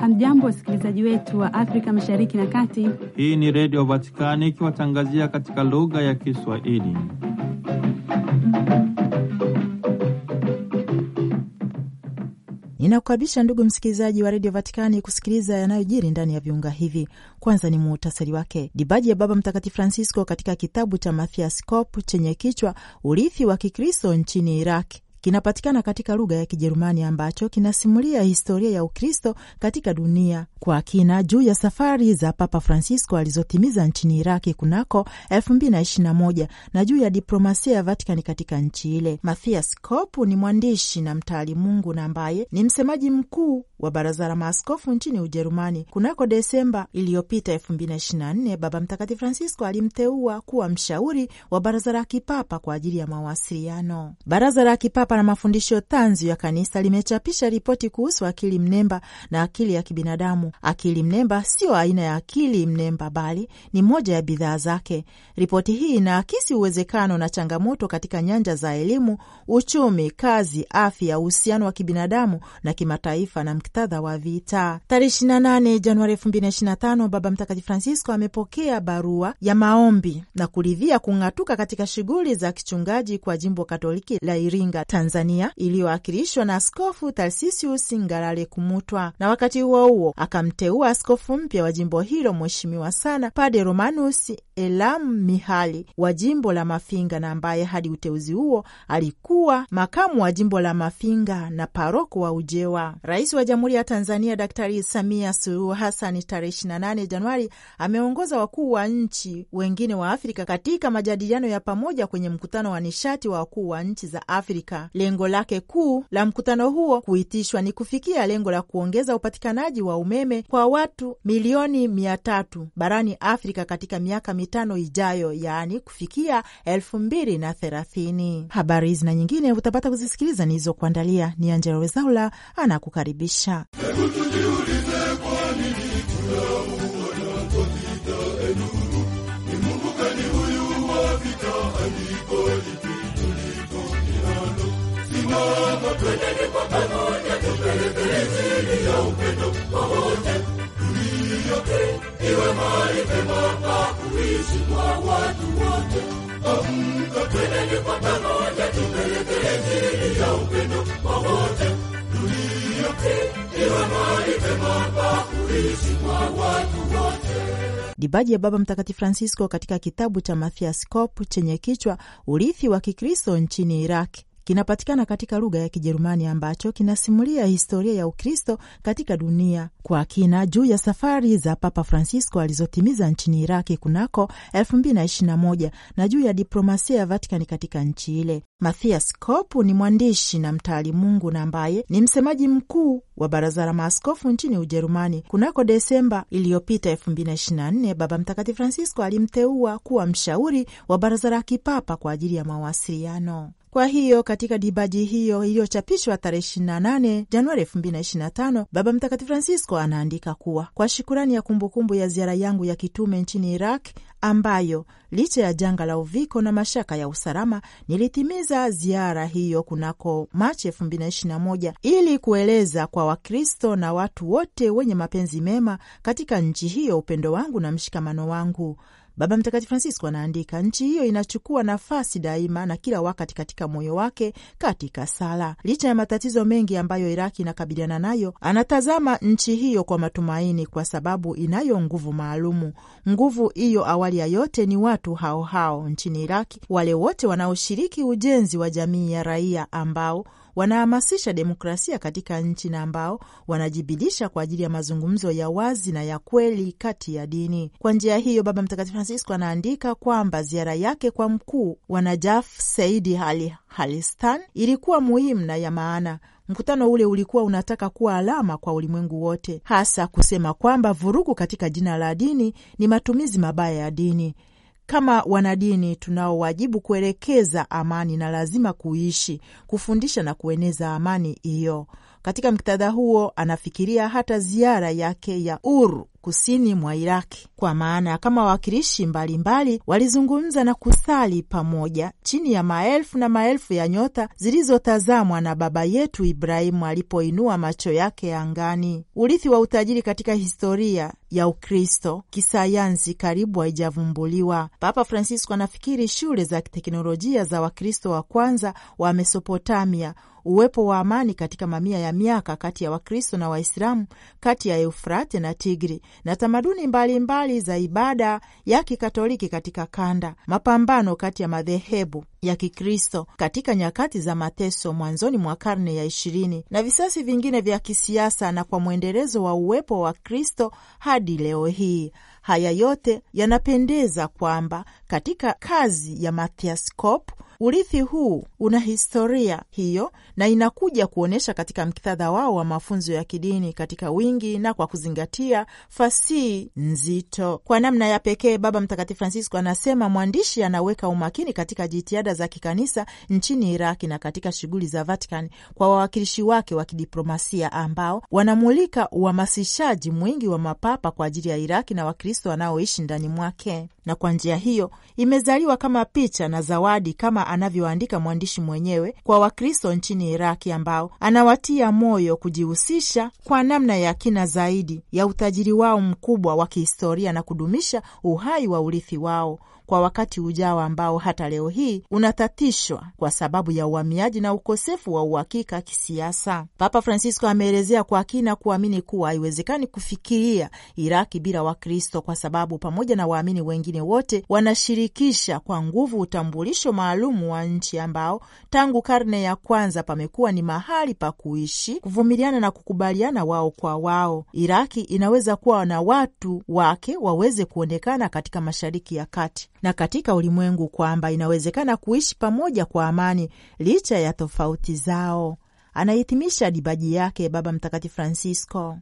Hamjambo, wasikilizaji wetu wa Afrika mashariki na kati. Hii ni Redio Vatikani ikiwatangazia katika lugha ya Kiswahili. Ninakukaribisha ndugu msikilizaji wa redio Vatikani kusikiliza yanayojiri ndani ya viunga hivi. Kwanza ni muhtasari wake. Dibaji ya Baba Mtakatifu Francisco katika kitabu cha Mathias Cop chenye kichwa urithi wa Kikristo nchini Iraki kinapatikana katika lugha ya Kijerumani ambacho kinasimulia historia ya Ukristo katika dunia kwa kina juu ya safari za Papa Francisco alizotimiza nchini Iraki kunako 2021 na juu ya diplomasia ya Vatikani katika nchi ile. Mathias Kopu ni mwandishi na mtaalimungu na ambaye ni msemaji mkuu wa baraza la maaskofu nchini Ujerumani kunako Desemba iliyopita 2024, Baba Mtakatifu Francisco alimteua kuwa mshauri wa baraza la kipapa kwa ajili ya mawasiliano. Baraza la kipapa na mafundisho tanzu ya kanisa limechapisha ripoti kuhusu akili mnemba na akili ya kibinadamu. Akili mnemba sio aina ya akili mnemba, bali ni moja ya bidhaa zake. Ripoti hii inaakisi uwezekano na changamoto katika nyanja za elimu, uchumi, kazi, afya, uhusiano wa kibinadamu na kimataifa na muktadha wa vita. Tarehe 28 Januari 2025 Baba Mtakatifu Francisco amepokea barua ya maombi na kuridhia kung'atuka katika shughuli za kichungaji kwa jimbo Katoliki la Iringa, Tanzania, iliyoakilishwa na Askofu Tarsisius Ngalale Kumutwa, na wakati huo huo akamteua askofu mpya wa jimbo hilo Mheshimiwa sana Pade Romanus Elam Mihali wa jimbo la Mafinga na ambaye hadi uteuzi huo alikuwa makamu wa jimbo la Mafinga na paroko wa Ujewa. Rais wa Jamhuri ya Tanzania Daktari Samia Suluhu Hassan tarehe 28 Januari ameongoza wakuu wa nchi wengine wa Afrika katika majadiliano ya pamoja kwenye mkutano wa nishati wa wakuu wa nchi za Afrika. Lengo lake kuu la mkutano huo kuitishwa ni kufikia lengo la kuongeza upatikanaji wa umeme kwa watu milioni mia tatu barani Afrika katika miaka mitano ijayo, yaani kufikia elfu mbili na thelathini. Habari hizi na nyingine utapata kuzisikiliza nilizokuandalia. Ni Angela Wezaula anakukaribisha uishi kwa watu wote. Amka kwa pamoja, tupeleke injili ya upendo kwa wote. Dunia iwe mahali pema pa kuishi kwa watu wote. Dibaji ya Baba Mtakatifu Francisco katika kitabu cha Mathias Cop chenye kichwa urithi wa Kikristo nchini Iraki kinapatikana katika lugha ya Kijerumani ambacho kinasimulia historia ya Ukristo katika dunia kwa kina juu ya safari za Papa Francisco alizotimiza nchini Iraki kunako 2021 na juu ya diplomasia ya Vatikani katika nchi ile. Mathias Kopp ni mwandishi na mtaali mungu na ambaye ni msemaji mkuu wa baraza la maaskofu nchini Ujerumani. Kunako Desemba iliyopita 2024, Baba Mtakatifu Francisco alimteua kuwa mshauri wa baraza la kipapa kwa ajili ya mawasiliano. Kwa hiyo katika dibaji hiyo iliyochapishwa tarehe 28 Januari 2025, Baba Mtakatifu Francisco anaandika kuwa kwa shukurani ya kumbukumbu ya ziara yangu ya kitume nchini Iraq ambayo licha ya janga la uviko na mashaka ya usalama nilitimiza ziara hiyo kunako Machi moja ili kueleza kwa Wakristo na watu wote wenye mapenzi mema katika nchi hiyo upendo wangu na mshikamano wangu Baba Mtakatifu Francisco anaandika, nchi hiyo inachukua nafasi daima na kila wakati katika moyo wake katika sala. Licha ya matatizo mengi ambayo Iraki inakabiliana nayo, anatazama nchi hiyo kwa matumaini, kwa sababu inayo nguvu maalumu. Nguvu hiyo awali ya yote ni watu hao hao nchini Iraki, wale wote wanaoshiriki ujenzi wa jamii ya raia ambao wanahamasisha demokrasia katika nchi na ambao wanajibidisha kwa ajili ya mazungumzo ya wazi na ya kweli kati ya dini. Kwa njia hiyo, Baba Mtakatifu Francisco anaandika kwamba ziara yake kwa mkuu wa Najaf Saidi Ali Halistan ilikuwa muhimu na ya maana. Mkutano ule ulikuwa unataka kuwa alama kwa ulimwengu wote, hasa kusema kwamba vurugu katika jina la dini ni matumizi mabaya ya dini kama wanadini tunao wajibu kuelekeza amani na lazima kuishi, kufundisha na kueneza amani hiyo. Katika muktadha huo, anafikiria hata ziara yake ya uru kusini mwa Iraki, kwa maana kama wawakilishi mbalimbali walizungumza na kusali pamoja chini ya maelfu na maelfu ya nyota zilizotazamwa na baba yetu Ibrahimu alipoinua macho yake angani. Urithi wa utajiri katika historia ya Ukristo kisayansi karibu haijavumbuliwa. Papa Francisco anafikiri shule za teknolojia za Wakristo wa kwanza wa Mesopotamia uwepo wa amani katika mamia ya miaka kati ya Wakristo na Waislamu, kati ya Eufrate na Tigri na tamaduni mbalimbali mbali za ibada ya Kikatoliki katika kanda, mapambano kati ya madhehebu ya Kikristo katika nyakati za mateso mwanzoni mwa karne ya ishirini na visasi vingine vya kisiasa na kwa mwendelezo wa uwepo wa Kristo hadi leo hii. Haya yote yanapendeza kwamba katika kazi ya Matthias Kopp. Urithi huu una historia hiyo na inakuja kuonyesha katika mkithadha wao wa mafunzo ya kidini katika wingi na kwa kuzingatia fasihi nzito. Kwa namna ya pekee, Baba Mtakatifu Francisco anasema mwandishi anaweka umakini katika jitihada za kikanisa nchini Iraki na katika shughuli za Vatican kwa wawakilishi wake wa kidiplomasia ambao wanamulika uhamasishaji mwingi wa mapapa kwa ajili ya Iraki na Wakristo wanaoishi ndani mwake, na kwa njia hiyo imezaliwa kama picha na zawadi, kama anavyoandika mwandishi mwenyewe kwa Wakristo nchini Iraki, ambao anawatia moyo kujihusisha kwa namna ya kina zaidi ya utajiri wao mkubwa wa kihistoria na kudumisha uhai wa urithi wao kwa wakati ujao ambao hata leo hii unatatishwa kwa sababu ya uhamiaji na ukosefu wa uhakika kisiasa. Papa Francisco ameelezea kwa kina kuamini kuwa haiwezekani kufikiria Iraki bila Wakristo kwa sababu pamoja na waamini wengine wote wanashirikisha kwa nguvu utambulisho maalumu wa nchi ambao tangu karne ya kwanza pamekuwa ni mahali pa kuishi, kuvumiliana na kukubaliana wao kwa wao. Iraki inaweza kuwa na watu wake waweze kuonekana katika Mashariki ya Kati na katika ulimwengu kwamba inawezekana kuishi pamoja kwa amani licha ya tofauti zao. Anahitimisha dibaji yake Baba Mtakatifu Francisco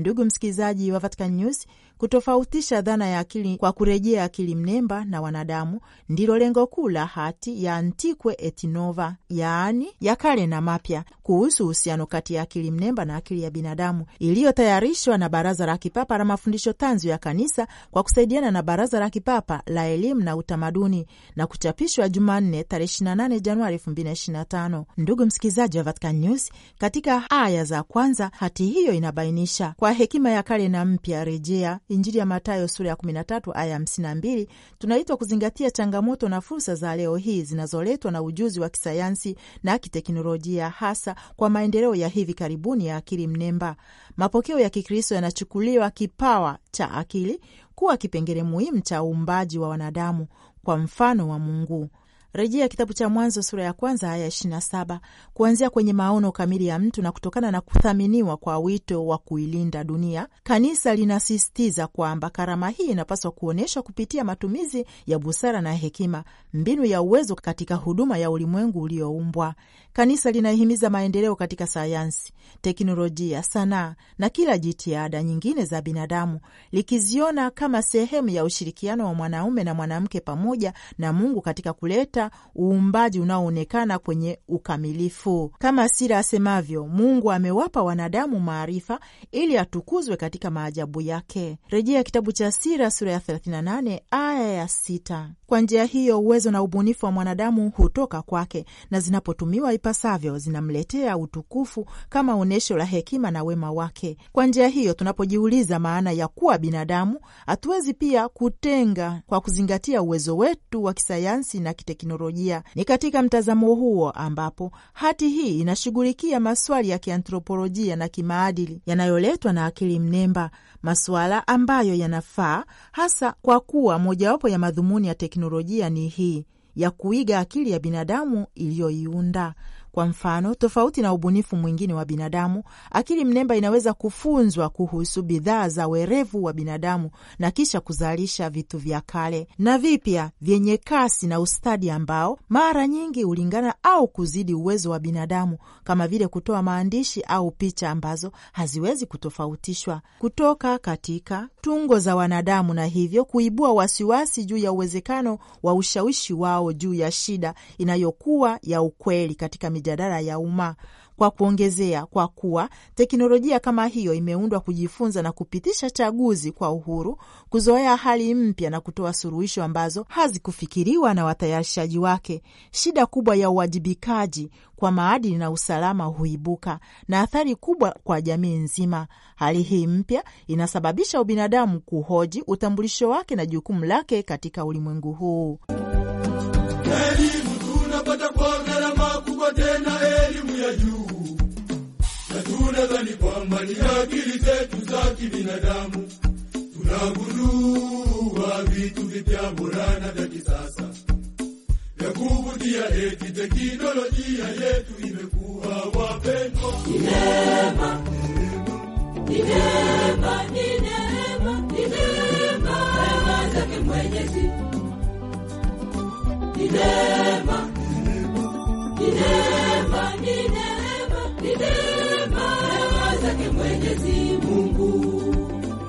ndugu msikilizaji wa Vatican News, kutofautisha dhana ya akili kwa kurejea akili mnemba na wanadamu ndilo lengo kuu la hati ya Antikwe et Nova, yaani ya kale na mapya, kuhusu uhusiano kati ya akili mnemba na akili ya binadamu iliyotayarishwa na Baraza la Kipapa la Mafundisho Tanzu ya Kanisa kwa kusaidiana na Baraza la Kipapa la Elimu na Utamaduni na kuchapishwa Jumanne tarehe 28 Januari 2025. Ndugu msikilizaji wa Vatican News, katika aya za kwanza hati hiyo inabainisha kwa kwa hekima ya kale na mpya, rejea Injili ya Mathayo sura ya 13 aya 52, tunaitwa kuzingatia changamoto na fursa za leo hii zinazoletwa na ujuzi wa kisayansi na kiteknolojia, hasa kwa maendeleo ya hivi karibuni ya akili mnemba. Mapokeo ya Kikristo yanachukuliwa kipawa cha akili kuwa kipengele muhimu cha uumbaji wa wanadamu kwa mfano wa Mungu. Rejea kitabu cha Mwanzo sura ya kwanza aya ishirini na saba kuanzia kwenye maono kamili ya mtu. Na kutokana na kuthaminiwa kwa wito wa kuilinda dunia, kanisa linasisitiza kwamba karama hii inapaswa kuonyeshwa kupitia matumizi ya busara na hekima, mbinu ya uwezo katika huduma ya ulimwengu ulioumbwa. Kanisa linahimiza maendeleo katika sayansi, teknolojia, sanaa na kila jitihada nyingine za binadamu, likiziona kama sehemu ya ushirikiano wa mwanaume na mwanamke pamoja na Mungu katika kuleta kupata uumbaji unaoonekana kwenye ukamilifu. Kama Sira asemavyo, Mungu amewapa wanadamu maarifa ili atukuzwe katika maajabu yake, rejea kitabu cha Sira sura ya 38 aya ya 6. Kwa njia hiyo uwezo na ubunifu wa mwanadamu hutoka kwake na zinapotumiwa ipasavyo zinamletea utukufu kama onyesho la hekima na wema wake. Kwa njia hiyo tunapojiuliza maana ya kuwa binadamu, hatuwezi pia kutenga kwa kuzingatia uwezo wetu wa kisayansi na kiteknolojia kiteknolojia. Ni katika mtazamo huo ambapo hati hii inashughulikia maswali ya kiantropolojia na kimaadili yanayoletwa na akili mnemba, masuala ambayo yanafaa hasa kwa kuwa mojawapo ya madhumuni ya teknolojia ni hii ya kuiga akili ya binadamu iliyoiunda. Kwa mfano, tofauti na ubunifu mwingine wa binadamu, akili mnemba inaweza kufunzwa kuhusu bidhaa za werevu wa binadamu na kisha kuzalisha vitu vya kale na vipya vyenye kasi na ustadi ambao mara nyingi hulingana au kuzidi uwezo wa binadamu, kama vile kutoa maandishi au picha ambazo haziwezi kutofautishwa kutoka katika tungo za wanadamu na hivyo kuibua wasiwasi juu ya uwezekano wa ushawishi wao juu ya shida inayokuwa ya ukweli katika mijadala ya umma. Kwa kuongezea, kwa kuwa teknolojia kama hiyo imeundwa kujifunza na kupitisha chaguzi kwa uhuru, kuzoea hali mpya na kutoa suluhisho ambazo hazikufikiriwa na watayarishaji wake, shida kubwa ya uwajibikaji kwa maadili na usalama huibuka na athari kubwa kwa jamii nzima. Hali hii mpya inasababisha ubinadamu kuhoji utambulisho wake na jukumu lake katika ulimwengu huu. nadhani kwamba ni akili zetu za kibinadamu tunagundua vitu vipya bora na vya kisasa vya kuvutia, eti teknolojia yetu imekuwa wapendo Mwenyezi, ni neema, ni neema, ni neema Mwenyezi Mungu.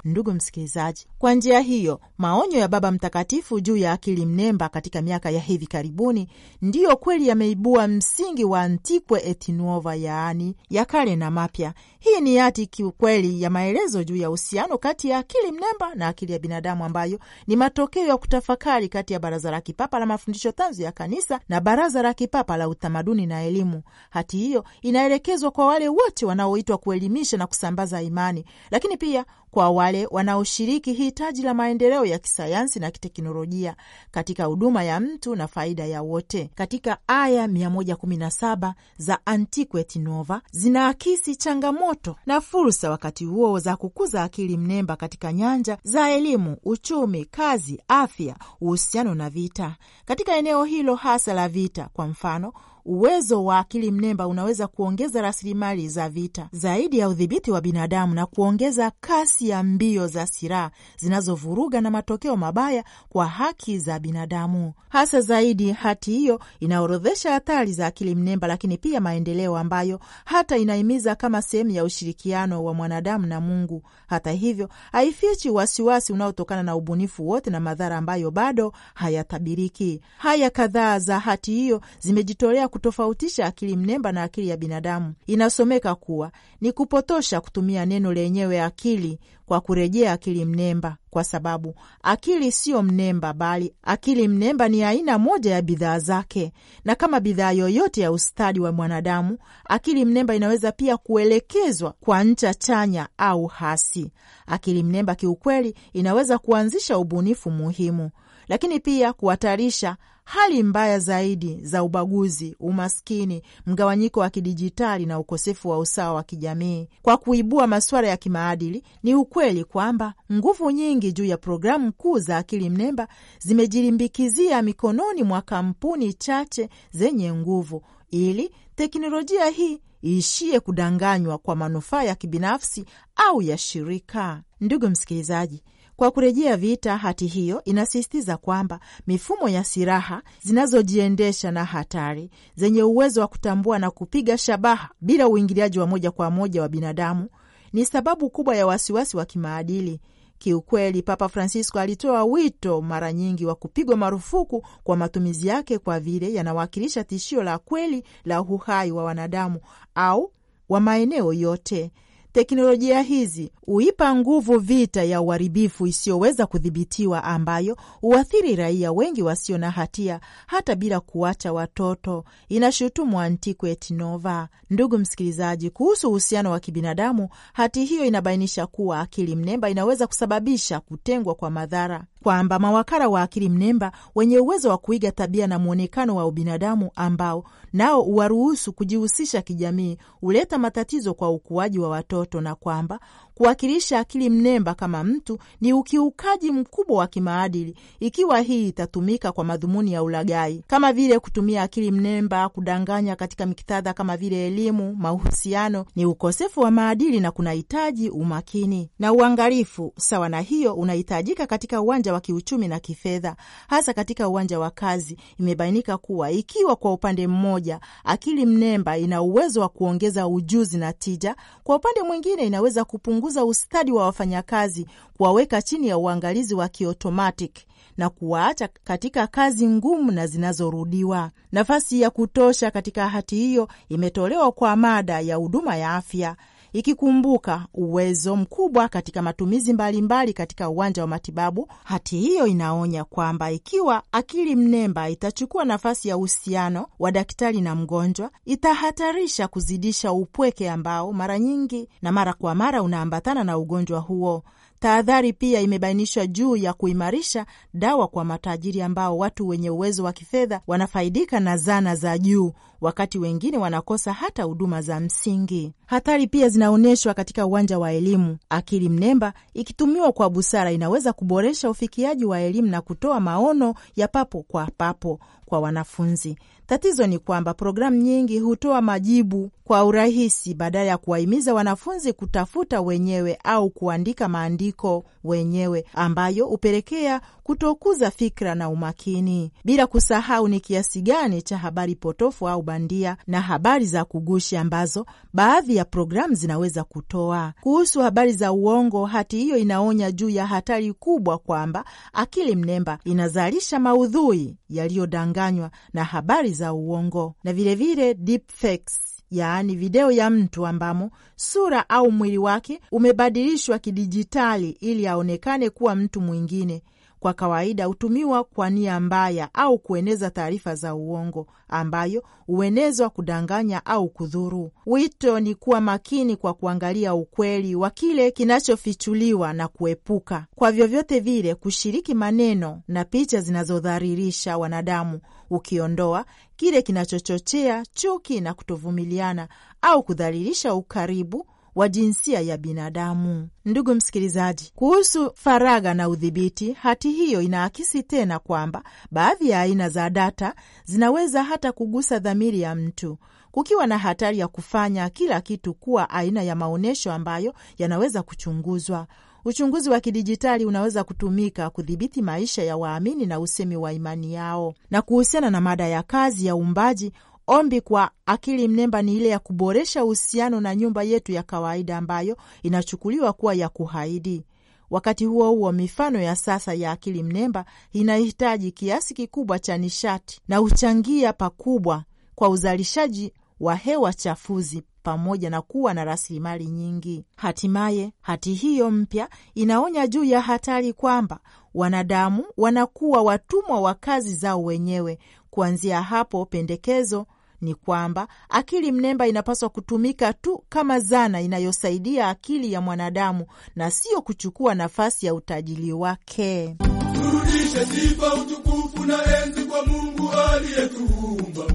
Ndugu msikilizaji, kwa njia hiyo maonyo ya Baba Mtakatifu juu ya akili mnemba katika miaka ya hivi karibuni ndiyo kweli yameibua msingi wa antikwe et yaani ya kale na mapya, hii ni yati kiukweli ya maelezo juu ya uhusiano kati ya akili mnemba na akili ya binadamu ambayo ni matokeo ya kutafakari kati ya Baraza la Kipapa la Mafundisho Tanzu ya Kanisa na Baraza la Kipapa la Utamaduni na Elimu. Hati hiyo inaelekezwa kwa wale wote wanaoitwa kuelimisha na kusambaza imani, lakini pia kwa wale wanaoshiriki hitaji la maendeleo ya kisayansi na kiteknolojia katika huduma ya mtu na faida ya wote. Katika aya 117 za Antiquate Nova zinaakisi changamoto changamoto na fursa wakati huo za kukuza akili mnemba katika nyanja za elimu, uchumi, kazi, afya, uhusiano na vita. Katika eneo hilo hasa la vita, kwa mfano uwezo wa akili mnemba unaweza kuongeza rasilimali za vita zaidi ya udhibiti wa binadamu na kuongeza kasi ya mbio za silaha zinazovuruga na matokeo mabaya kwa haki za binadamu. Hasa zaidi, hati hiyo inaorodhesha hatari za akili mnemba, lakini pia maendeleo ambayo hata inahimiza kama sehemu ya ushirikiano wa mwanadamu na Mungu. Hata hivyo, haifichi wasiwasi unaotokana na ubunifu wote na madhara ambayo bado hayatabiriki. Haya kadhaa za hati hiyo zimejitolea kutofautisha akili mnemba na akili ya binadamu, inasomeka kuwa ni kupotosha kutumia neno lenyewe akili kwa kurejea akili mnemba, kwa sababu akili siyo mnemba, bali akili mnemba ni aina moja ya bidhaa zake, na kama bidhaa yoyote ya ustadi wa mwanadamu, akili mnemba inaweza pia kuelekezwa kwa ncha chanya au hasi. Akili mnemba kiukweli inaweza kuanzisha ubunifu muhimu, lakini pia kuhatarisha hali mbaya zaidi za ubaguzi, umaskini, mgawanyiko wa kidijitali na ukosefu wa usawa wa kijamii. Kwa kuibua masuala ya kimaadili, ni ukweli kwamba nguvu nyingi juu ya programu kuu za akili mnemba zimejilimbikizia mikononi mwa kampuni chache zenye nguvu, ili teknolojia hii iishie kudanganywa kwa manufaa ya kibinafsi au ya shirika. Ndugu msikilizaji, kwa kurejea vita, hati hiyo inasisitiza kwamba mifumo ya silaha zinazojiendesha na hatari zenye uwezo wa kutambua na kupiga shabaha bila uingiliaji wa moja kwa moja wa binadamu ni sababu kubwa ya wasiwasi wa kimaadili. Kiukweli, Papa Francisco alitoa wito mara nyingi wa kupigwa marufuku kwa matumizi yake, kwa vile yanawakilisha tishio la kweli la uhai wa wanadamu au wa maeneo yote. Teknolojia hizi huipa nguvu vita ya uharibifu isiyoweza kudhibitiwa ambayo huathiri raia wengi wasio na hatia hata bila kuacha watoto, inashutumu Antiquet Nova. Ndugu msikilizaji, kuhusu uhusiano wa kibinadamu, hati hiyo inabainisha kuwa akili mnemba inaweza kusababisha kutengwa kwa madhara, kwamba mawakala wa akili mnemba wenye uwezo wa kuiga tabia na mwonekano wa ubinadamu ambao nao uwaruhusu kujihusisha kijamii huleta matatizo kwa ukuaji wa watoto na kwamba kuwakilisha akili mnemba kama mtu ni ukiukaji mkubwa wa kimaadili ikiwa hii itatumika kwa madhumuni ya ulagai kama vile kutumia akili mnemba kudanganya katika miktadha kama vile elimu, mahusiano. Ni ukosefu wa maadili na kunahitaji umakini na uangalifu sawa na hiyo unahitajika katika uwanja wa kiuchumi na kifedha, hasa katika uwanja wa kazi. Imebainika kuwa ikiwa kwa upande mmoja akili mnemba ina uwezo wa kuongeza ujuzi na tija, kwa upande mwingine inaweza kupunguza kukuza ustadi wa wafanyakazi, kuwaweka chini ya uangalizi wa kiotomatic na kuwaacha katika kazi ngumu na zinazorudiwa. Nafasi ya kutosha katika hati hiyo imetolewa kwa mada ya huduma ya afya ikikumbuka uwezo mkubwa katika matumizi mbalimbali mbali katika uwanja wa matibabu. Hati hiyo inaonya kwamba ikiwa akili mnemba itachukua nafasi ya uhusiano wa daktari na mgonjwa, itahatarisha kuzidisha upweke ambao mara nyingi na mara kwa mara unaambatana na ugonjwa huo. Tahadhari pia imebainishwa juu ya kuimarisha dawa kwa matajiri ambao watu wenye uwezo wa kifedha wanafaidika na zana za juu wakati wengine wanakosa hata huduma za msingi. Hatari pia zinaonyeshwa katika uwanja wa elimu. Akili mnemba ikitumiwa kwa busara, inaweza kuboresha ufikiaji wa elimu na kutoa maono ya papo kwa papo kwa wanafunzi Tatizo ni kwamba programu nyingi hutoa majibu kwa urahisi badala ya kuwahimiza wanafunzi kutafuta wenyewe au kuandika maandiko wenyewe, ambayo hupelekea kutokuza fikra na umakini, bila kusahau ni kiasi gani cha habari potofu au bandia na habari za kugushi ambazo baadhi ya programu zinaweza kutoa. Kuhusu habari za uongo, hati hiyo inaonya juu ya hatari kubwa kwamba akili mnemba inazalisha maudhui yaliyodanganywa na habari za uongo na vilevile deepfakes yaani video ya mtu ambamo sura au mwili wake umebadilishwa kidijitali ili aonekane kuwa mtu mwingine kwa kawaida hutumiwa kwa nia mbaya au kueneza taarifa za uongo ambayo huenezwa kudanganya au kudhuru. Wito ni kuwa makini kwa kuangalia ukweli wa kile kinachofichuliwa na kuepuka kwa vyovyote vile kushiriki maneno na picha zinazodharirisha wanadamu, ukiondoa kile kinachochochea chuki na kutovumiliana au kudhalilisha ukaribu wa jinsia ya binadamu. Ndugu msikilizaji, kuhusu faragha na udhibiti, hati hiyo inaakisi tena kwamba baadhi ya aina za data zinaweza hata kugusa dhamiri ya mtu kukiwa na hatari ya kufanya kila kitu kuwa aina ya maonyesho ambayo yanaweza kuchunguzwa. Uchunguzi wa kidijitali unaweza kutumika kudhibiti maisha ya waamini na usemi wa imani yao. Na kuhusiana na mada ya kazi ya uumbaji, Ombi kwa akili mnemba ni ile ya kuboresha uhusiano na nyumba yetu ya kawaida ambayo inachukuliwa kuwa ya kuhaidi. Wakati huo huo, mifano ya sasa ya akili mnemba inahitaji kiasi kikubwa cha nishati na huchangia pakubwa kwa uzalishaji wa hewa chafuzi pamoja na kuwa na rasilimali nyingi. Hatimaye, hati hiyo mpya inaonya juu ya hatari kwamba wanadamu wanakuwa watumwa wa kazi zao wenyewe, Kuanzia hapo, pendekezo ni kwamba akili mnemba inapaswa kutumika tu kama zana inayosaidia akili ya mwanadamu na siyo kuchukua nafasi ya utajili wake. Turudishe sifa, utukufu na enzi kwa Mungu aliyetuumba,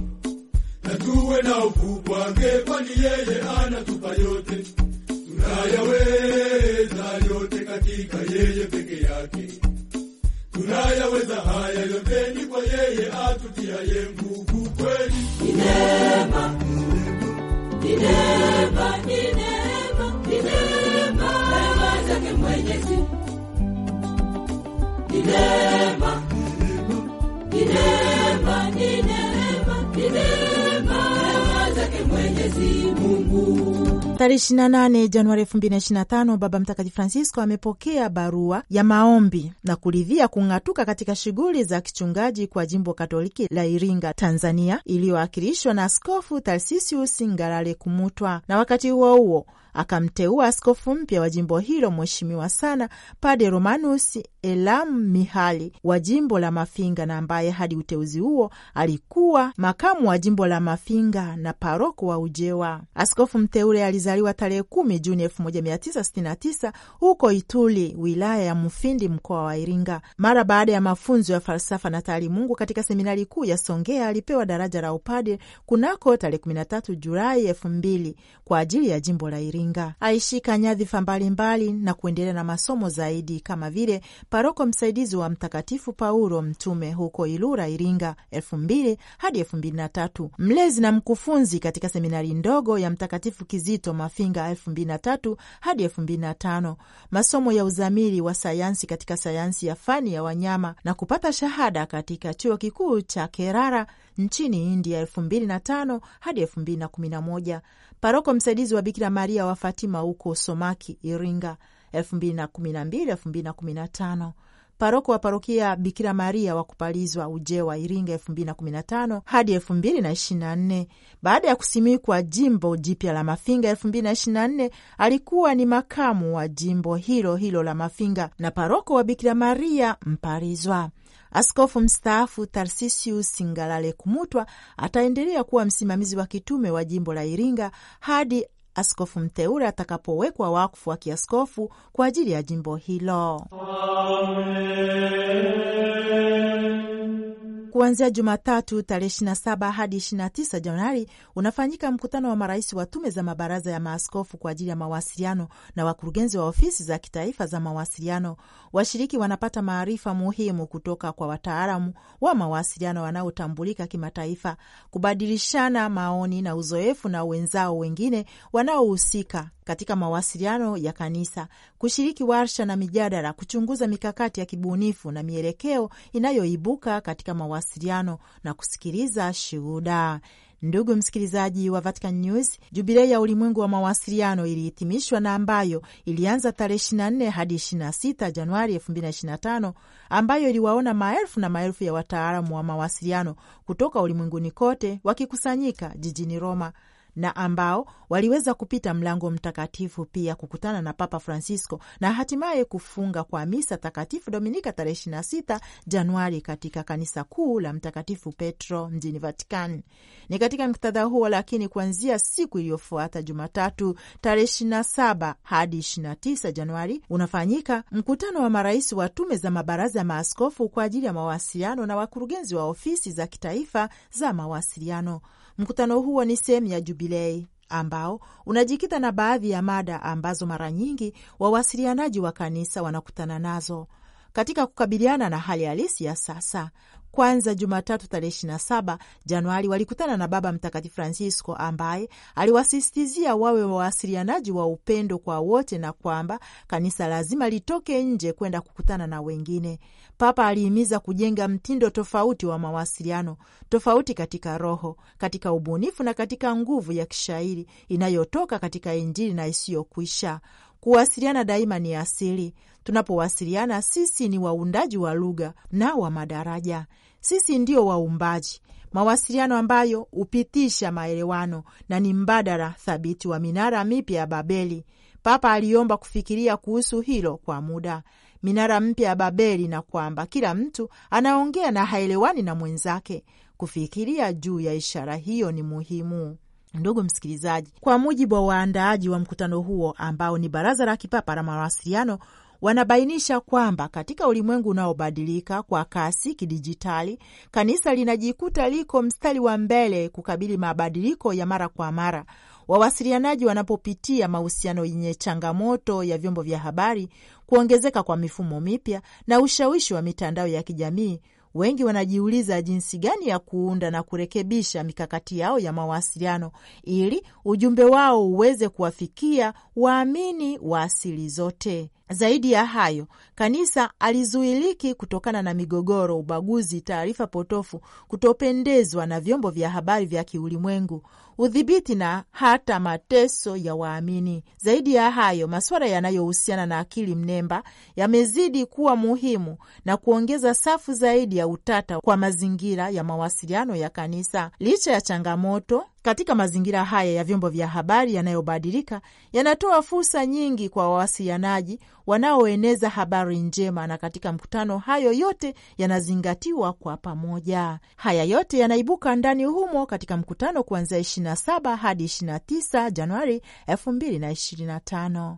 na tuwe na ukuu wake, kwani yeye anatupa yote, tunayaweza yote katika yeye peke yake. Tunayaweza haya yote, ni kwa yeye atutiaye nguvu. Kweli ni neema, ni neema, ni neema, ni neema, neema zake Mwenyezi ni neema, ni neema, ni neema, ni neema, neema zake Mwenyezi Mungu. Tarehe 28 Januari 2025 Baba Mtakatifu Francisco amepokea barua ya maombi na kuridhia kung'atuka katika shughuli za kichungaji kwa jimbo katoliki la Iringa, Tanzania, iliyoakilishwa na Askofu Tarsisius Ngalale Kumutwa, na wakati huo huo akamteua askofu mpya wa jimbo hilo mheshimiwa sana Pade Romanus Elam Mihali wa jimbo la Mafinga, na ambaye hadi uteuzi huo alikuwa makamu wa jimbo la Mafinga na paroko wa Ujewa. Askofu mteule alizaliwa tarehe 10 Juni 1969 huko Ituli, wilaya ya Mufindi, mkoa wa Iringa. Mara baada ya mafunzo ya falsafa na taalimungu katika seminari kuu ya Songea, alipewa daraja la upade kunako tarehe 13 Julai 2000 kwa ajili ya jimbo la Iringa. Iringa. Alishika nyadhifa mbalimbali na kuendelea na masomo zaidi kama vile paroko msaidizi wa Mtakatifu Paulo Mtume huko Ilura, Iringa elfu mbili hadi elfu mbili na tatu mlezi na mkufunzi katika seminari ndogo ya Mtakatifu Kizito Mafinga elfu mbili na tatu hadi elfu mbili na tano masomo ya uzamili wa sayansi katika sayansi ya fani ya wanyama na kupata shahada katika chuo kikuu cha Kerala nchini India elfu mbili na tano hadi elfu mbili na kumi na moja paroko msaidizi wa Bikira Maria wa Fatima huko Somaki, Iringa 2012-2015 paroko wa parokia Bikira Maria wa Kupalizwa Ujewa Iringa elfu mbili na kumi na tano hadi elfu mbili na na nne Baada ya kusimikwa jimbo jipya la Mafinga elfu mbili na na nne alikuwa ni makamu wa jimbo hilo hilo la Mafinga na paroko wa Bikira Maria Mpalizwa. Askofu mstaafu Tarsisius Ngalale Kumutwa ataendelea kuwa msimamizi wa kitume wa jimbo la Iringa hadi askofu mteule atakapowekwa wakfu wa kiaskofu kwa ajili ya jimbo hilo. Amen. Kuanzia Jumatatu tarehe 27 hadi 29 Januari unafanyika mkutano wa marais wa tume za mabaraza ya maaskofu kwa ajili ya mawasiliano na wakurugenzi wa ofisi za kitaifa za mawasiliano. Washiriki wanapata maarifa muhimu kutoka kwa wataalamu wa mawasiliano wanaotambulika kimataifa, kubadilishana maoni na uzoefu na wenzao wengine wanaohusika katika mawasiliano ya kanisa, kushiriki warsha na mijadala, kuchunguza mikakati ya kibunifu na mielekeo inayoibuka katika mawasiliano mawasiliano na kusikiliza shuhuda. Ndugu msikilizaji wa Vatican News, jubilei ya ulimwengu wa mawasiliano ilihitimishwa na ambayo ilianza tarehe 24 hadi 26 Januari 2025 ambayo iliwaona maelfu na maelfu ya wataalamu wa mawasiliano kutoka ulimwenguni kote wakikusanyika jijini Roma na ambao waliweza kupita mlango mtakatifu pia kukutana na Papa Francisco na hatimaye kufunga kwa misa takatifu Dominika tarehe 26 Januari katika kanisa kuu la Mtakatifu Petro mjini vaticani Ni katika muktadha huo, lakini kuanzia siku iliyofuata Jumatatu tarehe 27 hadi 29 Januari unafanyika mkutano wa marais wa tume za mabaraza ya maaskofu kwa ajili ya mawasiliano na wakurugenzi wa ofisi za kitaifa za mawasiliano Mkutano huo ni sehemu ya Jubilei ambao unajikita na baadhi ya mada ambazo mara nyingi wawasilianaji wa kanisa wanakutana nazo katika kukabiliana na hali halisi ya sasa, kwanza Jumatatu tarehe 27 Januari walikutana na Baba Mtakatifu Francisco ambaye aliwasisitizia wawe wawasilianaji wa upendo kwa wote na kwamba kanisa lazima litoke nje kwenda kukutana na wengine. Papa alihimiza kujenga mtindo tofauti wa mawasiliano, tofauti katika roho, katika ubunifu na katika nguvu ya kishairi inayotoka katika Injili na isiyokwisha. Kuwasiliana daima ni asili. Tunapowasiliana sisi ni waundaji wa lugha na wa madaraja. Sisi ndio waumbaji mawasiliano ambayo hupitisha maelewano na ni mbadala thabiti wa minara mipya ya Babeli. Papa aliomba kufikiria kuhusu hilo kwa muda, minara mpya ya Babeli, na kwamba kila mtu anaongea na haelewani na mwenzake. Kufikiria juu ya ishara hiyo ni muhimu. Ndugu msikilizaji, kwa mujibu wa waandaaji wa mkutano huo ambao ni Baraza la Kipapa la Mawasiliano, Wanabainisha kwamba katika ulimwengu unaobadilika kwa kasi kidijitali, kanisa linajikuta liko mstari wa mbele kukabili mabadiliko ya mara kwa mara wawasilianaji wanapopitia mahusiano yenye changamoto ya vyombo vya habari, kuongezeka kwa mifumo mipya na ushawishi wa mitandao ya kijamii. Wengi wanajiuliza jinsi gani ya kuunda na kurekebisha mikakati yao ya mawasiliano ili ujumbe wao uweze kuwafikia waamini wa asili zote. Zaidi ya hayo, kanisa alizuiliki kutokana na migogoro, ubaguzi, taarifa potofu, kutopendezwa na vyombo vya habari vya kiulimwengu, udhibiti na hata mateso ya waamini. Zaidi ya hayo, masuala yanayohusiana na akili mnemba yamezidi kuwa muhimu na kuongeza safu zaidi ya utata kwa mazingira ya mawasiliano ya kanisa. Licha ya changamoto katika mazingira haya ya vyombo vya habari yanayobadilika, yanatoa fursa nyingi kwa wawasilianaji wanaoeneza habari njema, na katika mkutano hayo yote yanazingatiwa kwa pamoja. Haya yote yanaibuka ndani humo katika mkutano kuanzia 27 hadi 29 Januari 2025.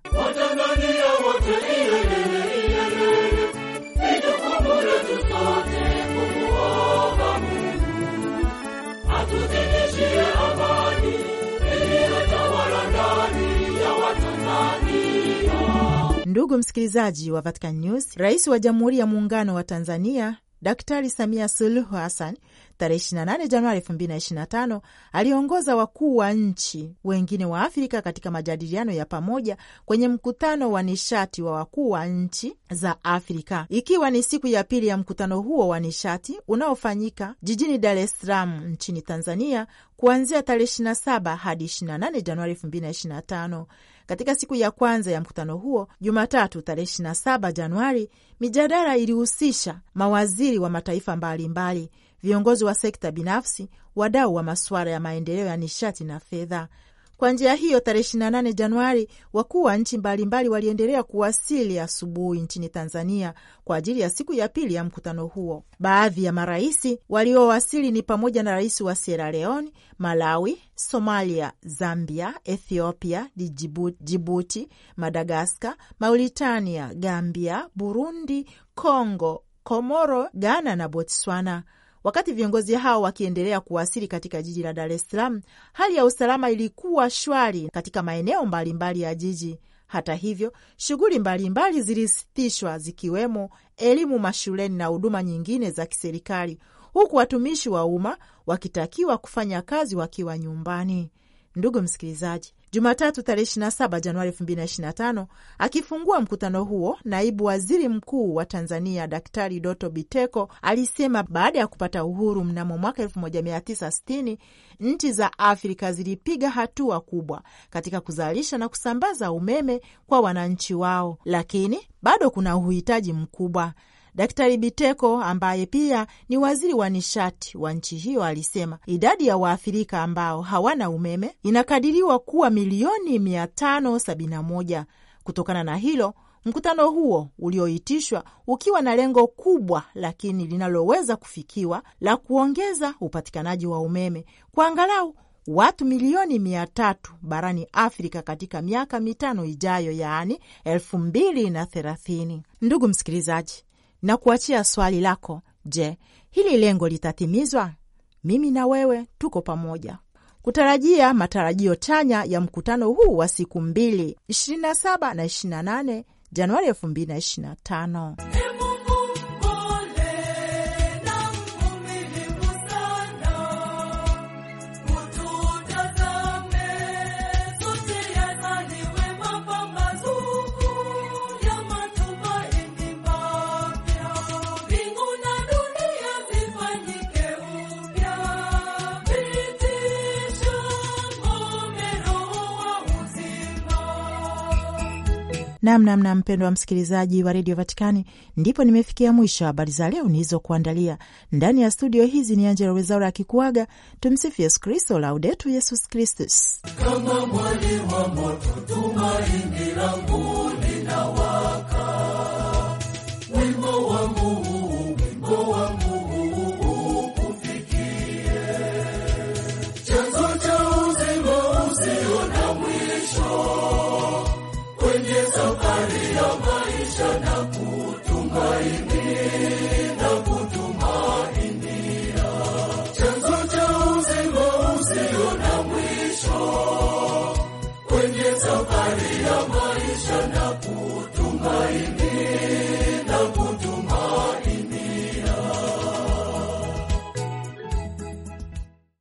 Ndugu msikilizaji wa Vatican News, Rais wa Jamhuri ya Muungano wa Tanzania Daktari Samia Suluhu Hassan tarehe 28 Januari 2025 aliongoza wakuu wa nchi wengine wa Afrika katika majadiliano ya pamoja kwenye mkutano wa nishati wa wakuu wa nchi za Afrika, ikiwa ni siku ya pili ya mkutano huo wa nishati unaofanyika jijini Dar es Salaam nchini Tanzania kuanzia tarehe 27 hadi 28 Januari 2025. Katika siku ya kwanza ya mkutano huo, Jumatatu tarehe 27 Januari, mijadala ilihusisha mawaziri wa mataifa mbalimbali mbali viongozi wa sekta binafsi, wadau wa masuala ya maendeleo ya nishati na fedha. Kwa njia hiyo, tarehe 28 Januari, wakuu wa nchi mbalimbali waliendelea kuwasili asubuhi nchini Tanzania kwa ajili ya siku ya pili ya mkutano huo. Baadhi ya marais waliowasili ni pamoja na rais wa Sierra Leone, Malawi, Somalia, Zambia, Ethiopia, Jibuti, Madagaskar, Mauritania, Gambia, Burundi, Congo, Komoro, Ghana na Botswana. Wakati viongozi hao wakiendelea kuwasili katika jiji la Dar es Salaam, hali ya usalama ilikuwa shwari katika maeneo mbalimbali mbali ya jiji. Hata hivyo, shughuli mbalimbali zilisitishwa zikiwemo elimu mashuleni na huduma nyingine za kiserikali, huku watumishi wa umma wakitakiwa kufanya kazi wakiwa nyumbani. Ndugu msikilizaji, Jumatatu tarehe 27 Januari 2025. Akifungua mkutano huo, naibu waziri mkuu wa Tanzania Daktari Doto Biteko alisema baada ya kupata uhuru mnamo mwaka 1960 nchi za Afrika zilipiga hatua kubwa katika kuzalisha na kusambaza umeme kwa wananchi wao, lakini bado kuna uhitaji mkubwa Daktari Biteko ambaye pia ni waziri wa nishati wa nchi hiyo alisema idadi ya Waafrika ambao hawana umeme inakadiriwa kuwa milioni 571. Kutokana na hilo mkutano huo ulioitishwa ukiwa na lengo kubwa lakini linaloweza kufikiwa la kuongeza upatikanaji wa umeme kwa angalau watu milioni mia tatu barani Afrika katika miaka mitano ijayo, yaani elfu mbili na thelathini. Ndugu msikilizaji, na kuachia swali lako. Je, hili lengo litatimizwa? Mimi na wewe tuko pamoja kutarajia matarajio chanya ya mkutano huu wa siku mbili 27 na 28 Januari 2025. Namnamna mpendo wa msikilizaji wa redio Vatikani, ndipo nimefikia mwisho habari za leo nilizokuandalia ndani ya studio hizi. Ni Angela Wezaura akikuaga. Tumsifu Yesu Kristo, Laudetu Yesus Kristus. Kama mwali wa moto tumaini langu